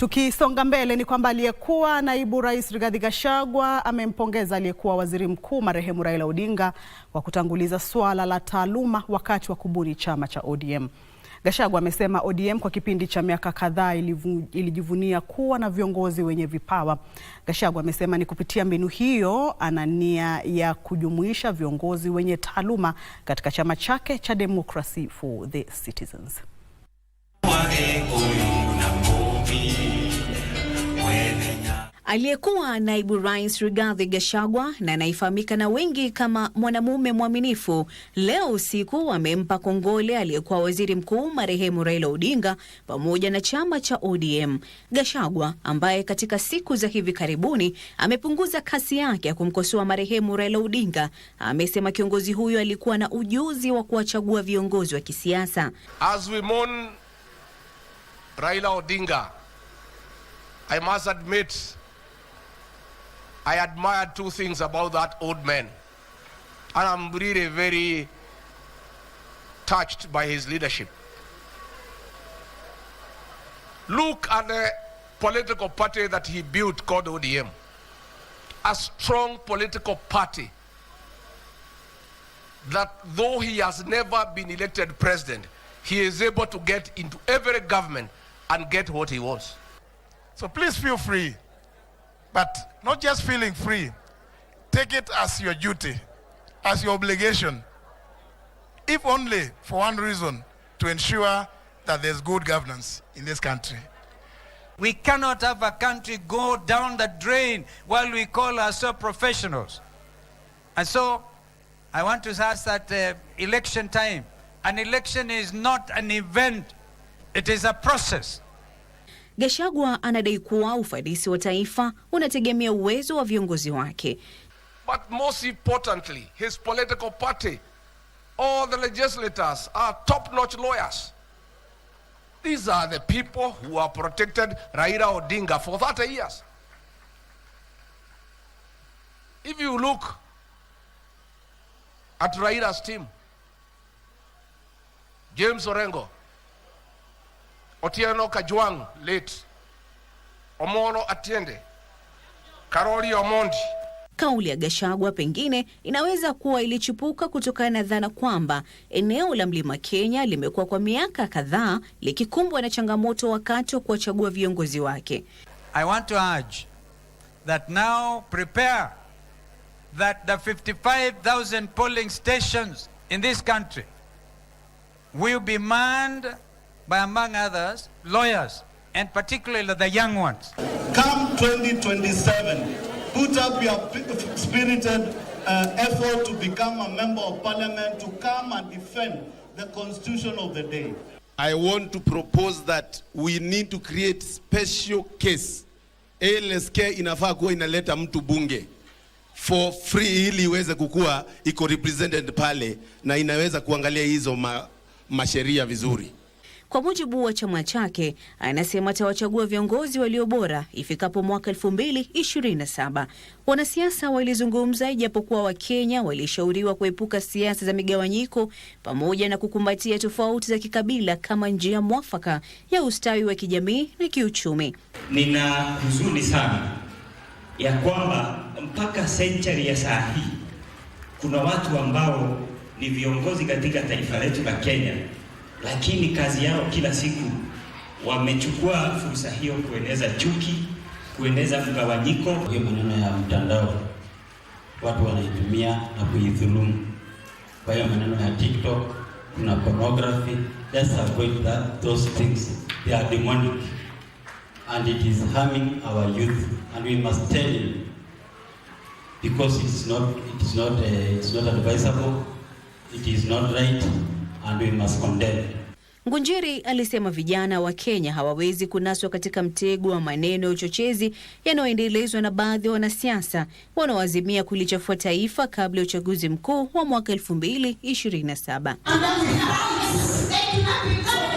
Tukisonga mbele ni kwamba aliyekuwa naibu rais Rigathi Gachagua amempongeza aliyekuwa waziri mkuu marehemu Raila Odinga kwa kutanguliza swala la taaluma wakati wa kubuni chama cha ODM. Gachagua amesema ODM kwa kipindi cha miaka kadhaa ilijivunia kuwa na viongozi wenye vipawa. Gachagua amesema ni kupitia mbinu hiyo ana nia ya kujumuisha viongozi wenye taaluma katika chama chake cha Democracy for the Citizens. Aliyekuwa naibu rais Rigathi Gachagua na anayefahamika na wengi kama mwanamume mwaminifu, leo usiku amempa kongole aliyekuwa waziri mkuu marehemu Raila Odinga pamoja na chama cha ODM. Gachagua ambaye katika siku za hivi karibuni amepunguza kasi yake ya kumkosoa marehemu Raila Odinga amesema kiongozi huyo alikuwa na ujuzi wa kuwachagua viongozi wa kisiasa. As we mourn Raila Odinga I must admit, I admire two things about that old man. And I'm really very touched by his leadership. Look at the political party that he built called ODM. A strong political party that though he has never been elected president, he is able to get into every government and get what he wants. So please feel free. But not just feeling free, take it as your duty, as your obligation, if only for one reason to ensure that there's good governance in this country. We cannot have a country go down the drain while we call ourselves professionals. And so I want to ask that uh, election time, an election is not an event, it is a process. Gachagua anadai kuwa ufanisi wa taifa unategemea uwezo wa viongozi wake. But most importantly, his political party, all the legislators are top-notch lawyers. These are the people who have protected Raila Odinga for 30 years. If you look at Raila's team, James Orengo Otieno Kajwang late Omolo Atiende Karoli Omondi. Kauli ya gashagwa pengine inaweza kuwa ilichipuka kutokana na dhana kwamba eneo la Mlima Kenya limekuwa kwa miaka kadhaa likikumbwa na changamoto wakati wa kuwachagua viongozi wake. I want to urge that now prepare that the 55,000 polling stations in this country will be manned by among others lawyers and particularly the young ones. Come 2027, put up your spirited uh, effort to become a member of parliament to come and defend the constitution of the day. I want to propose that we need to create special case. ALSK inafaa kuwa inaleta mtu bunge for free ili iweze kukua iko represented pale na inaweza kuangalia hizo ma, masheria vizuri. Kwa mujibu wa chama chake, anasema atawachagua viongozi walio bora ifikapo mwaka 2027. Wanasiasa walizungumza, ijapokuwa Wakenya walishauriwa kuepuka siasa za migawanyiko pamoja na kukumbatia tofauti za kikabila kama njia mwafaka ya ustawi wa kijamii na kiuchumi. Nina huzuni sana ya kwamba mpaka senchari ya saa hii kuna watu ambao ni viongozi katika taifa letu la Kenya lakini kazi yao kila siku wamechukua fursa hiyo kueneza chuki, kueneza mgawanyiko. Hiyo maneno ya mtandao watu wanaitumia na kuidhulumu. Kwa hiyo maneno ya TikTok, kuna pornography. Let's avoid that, those things they are demonic and it is harming our youth and we must tell him because it's not it's not uh, it's not advisable it is not right and we must condemn. Ngunjiri alisema vijana wa Kenya hawawezi kunaswa katika mtego wa maneno ya uchochezi yanayoendelezwa na baadhi ya wanasiasa wanaoazimia kulichafua taifa kabla ya uchaguzi mkuu wa mwaka 2027.